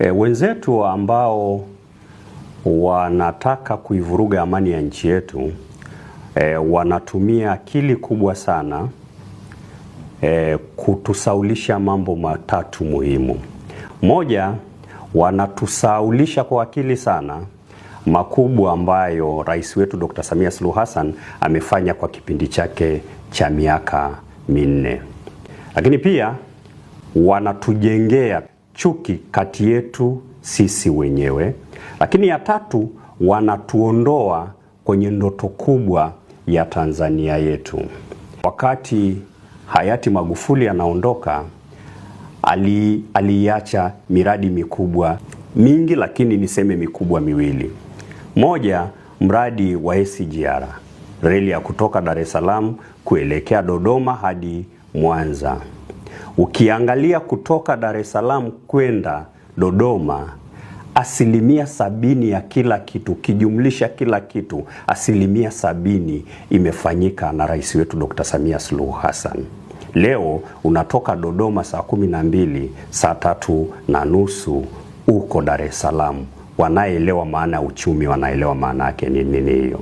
E, wenzetu ambao wanataka kuivuruga amani ya nchi yetu e, wanatumia akili kubwa sana e, kutusaulisha mambo matatu muhimu. Moja, wanatusaulisha kwa akili sana makubwa ambayo rais wetu Dr. Samia Suluhu Hassan amefanya kwa kipindi chake cha miaka minne, lakini pia wanatujengea chuki kati yetu sisi wenyewe, lakini ya tatu, wanatuondoa kwenye ndoto kubwa ya Tanzania yetu. Wakati hayati Magufuli anaondoka, ali aliacha miradi mikubwa mingi, lakini niseme mikubwa miwili. Moja, mradi wa SGR reli ya kutoka Dar es Salaam kuelekea Dodoma hadi Mwanza. Ukiangalia kutoka Dar es Salaam kwenda Dodoma, asilimia sabini ya kila kitu kijumlisha kila kitu, asilimia sabini imefanyika na rais wetu Dr. Samia Suluhu Hassan. Leo unatoka Dodoma saa kumi na mbili, saa tatu na nusu uko Dar es Salaam. Wanaelewa maana ya uchumi, wanaelewa maana yake ni nini hiyo.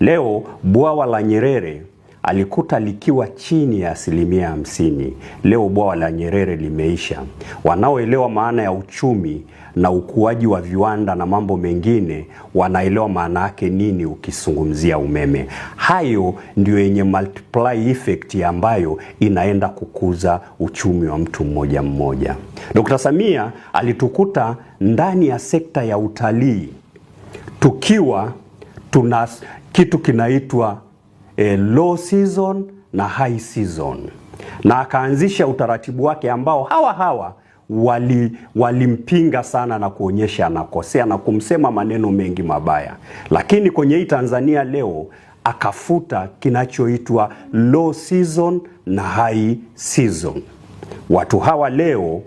Leo bwawa la Nyerere alikuta likiwa chini ya asilimia hamsini. Leo bwawa la Nyerere limeisha. Wanaoelewa maana ya uchumi na ukuaji wa viwanda na mambo mengine wanaelewa maana yake nini ukizungumzia umeme. Hayo ndio yenye multiply effect ambayo inaenda kukuza uchumi wa mtu mmoja mmoja. Dkt. Samia alitukuta ndani ya sekta ya utalii tukiwa tuna kitu kinaitwa e, low season na high season, na akaanzisha utaratibu wake ambao hawa hawa wali walimpinga sana na kuonyesha anakosea na kumsema maneno mengi mabaya, lakini kwenye hii Tanzania leo akafuta kinachoitwa low season na high season. Watu hawa leo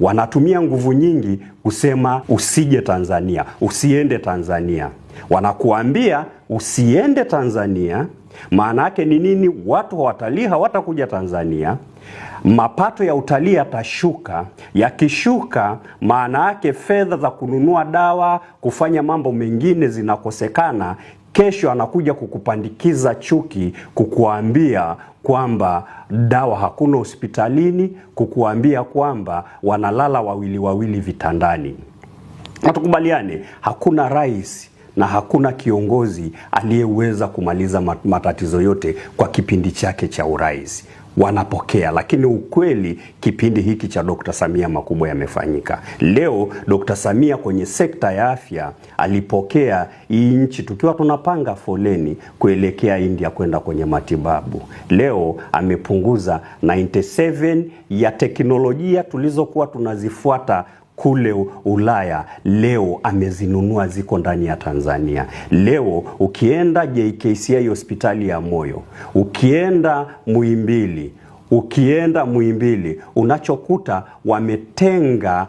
wanatumia nguvu nyingi kusema usije Tanzania, usiende Tanzania. Wanakuambia usiende Tanzania, maana yake ni nini? Watu wa watalii hawatakuja Tanzania, mapato ya utalii yatashuka. Yakishuka maana yake fedha za kununua dawa, kufanya mambo mengine zinakosekana, kesho anakuja kukupandikiza chuki, kukuambia kwamba dawa hakuna hospitalini, kukuambia kwamba wanalala wawili wawili vitandani. Natukubaliane, hakuna rais na hakuna kiongozi aliyeweza kumaliza matatizo yote kwa kipindi chake cha urais wanapokea, lakini ukweli kipindi hiki cha Dkt. Samia makubwa yamefanyika. Leo Dkt. Samia kwenye sekta ya afya alipokea hii nchi tukiwa tunapanga foleni kuelekea India kwenda kwenye matibabu. Leo amepunguza 97 ya teknolojia tulizokuwa tunazifuata kule Ulaya leo amezinunua ziko ndani ya Tanzania. Leo ukienda JKCI hospitali ya moyo, ukienda Muhimbili, ukienda Muhimbili unachokuta wametenga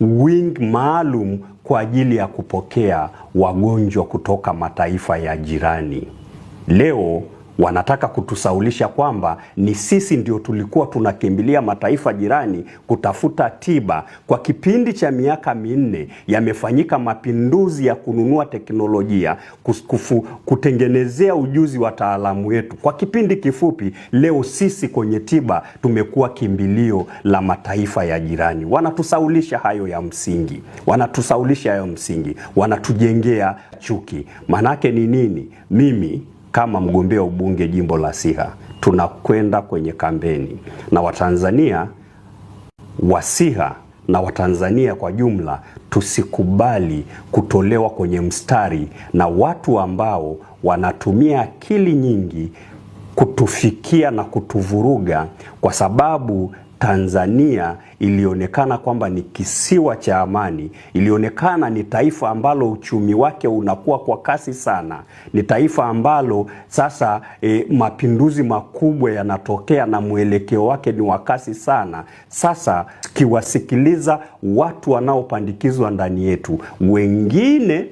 wing maalum kwa ajili ya kupokea wagonjwa kutoka mataifa ya jirani. Leo wanataka kutusaulisha kwamba ni sisi ndio tulikuwa tunakimbilia mataifa jirani kutafuta tiba. Kwa kipindi cha miaka minne yamefanyika mapinduzi ya kununua teknolojia kufufu, kutengenezea ujuzi wa taalamu wetu. Kwa kipindi kifupi, leo sisi kwenye tiba tumekuwa kimbilio la mataifa ya jirani. Wanatusaulisha hayo ya msingi, wanatusaulisha hayo msingi, wanatujengea chuki. Manake ni nini? mimi kama mgombea ubunge jimbo la Siha. Tunakwenda kwenye kampeni na Watanzania wa Siha na Watanzania kwa jumla, tusikubali kutolewa kwenye mstari na watu ambao wanatumia akili nyingi kutufikia na kutuvuruga kwa sababu Tanzania ilionekana kwamba ni kisiwa cha amani, ilionekana ni taifa ambalo uchumi wake unakuwa kwa kasi sana, ni taifa ambalo sasa e, mapinduzi makubwa yanatokea na mwelekeo wake ni wa kasi sana. Sasa kiwasikiliza watu wanaopandikizwa ndani yetu, wengine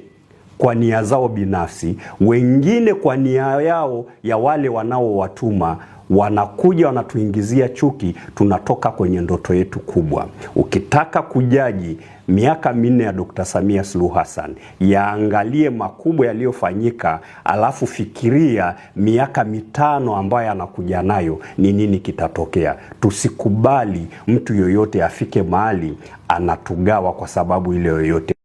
kwa nia zao binafsi, wengine kwa nia yao ya wale wanaowatuma wanakuja wanatuingizia chuki, tunatoka kwenye ndoto yetu kubwa. Ukitaka kujaji miaka minne ya Dkt. Samia Suluhu Hassan, yaangalie makubwa yaliyofanyika, alafu fikiria miaka mitano ambayo anakuja nayo, ni nini kitatokea. Tusikubali mtu yoyote afike mahali anatugawa kwa sababu ile yoyote.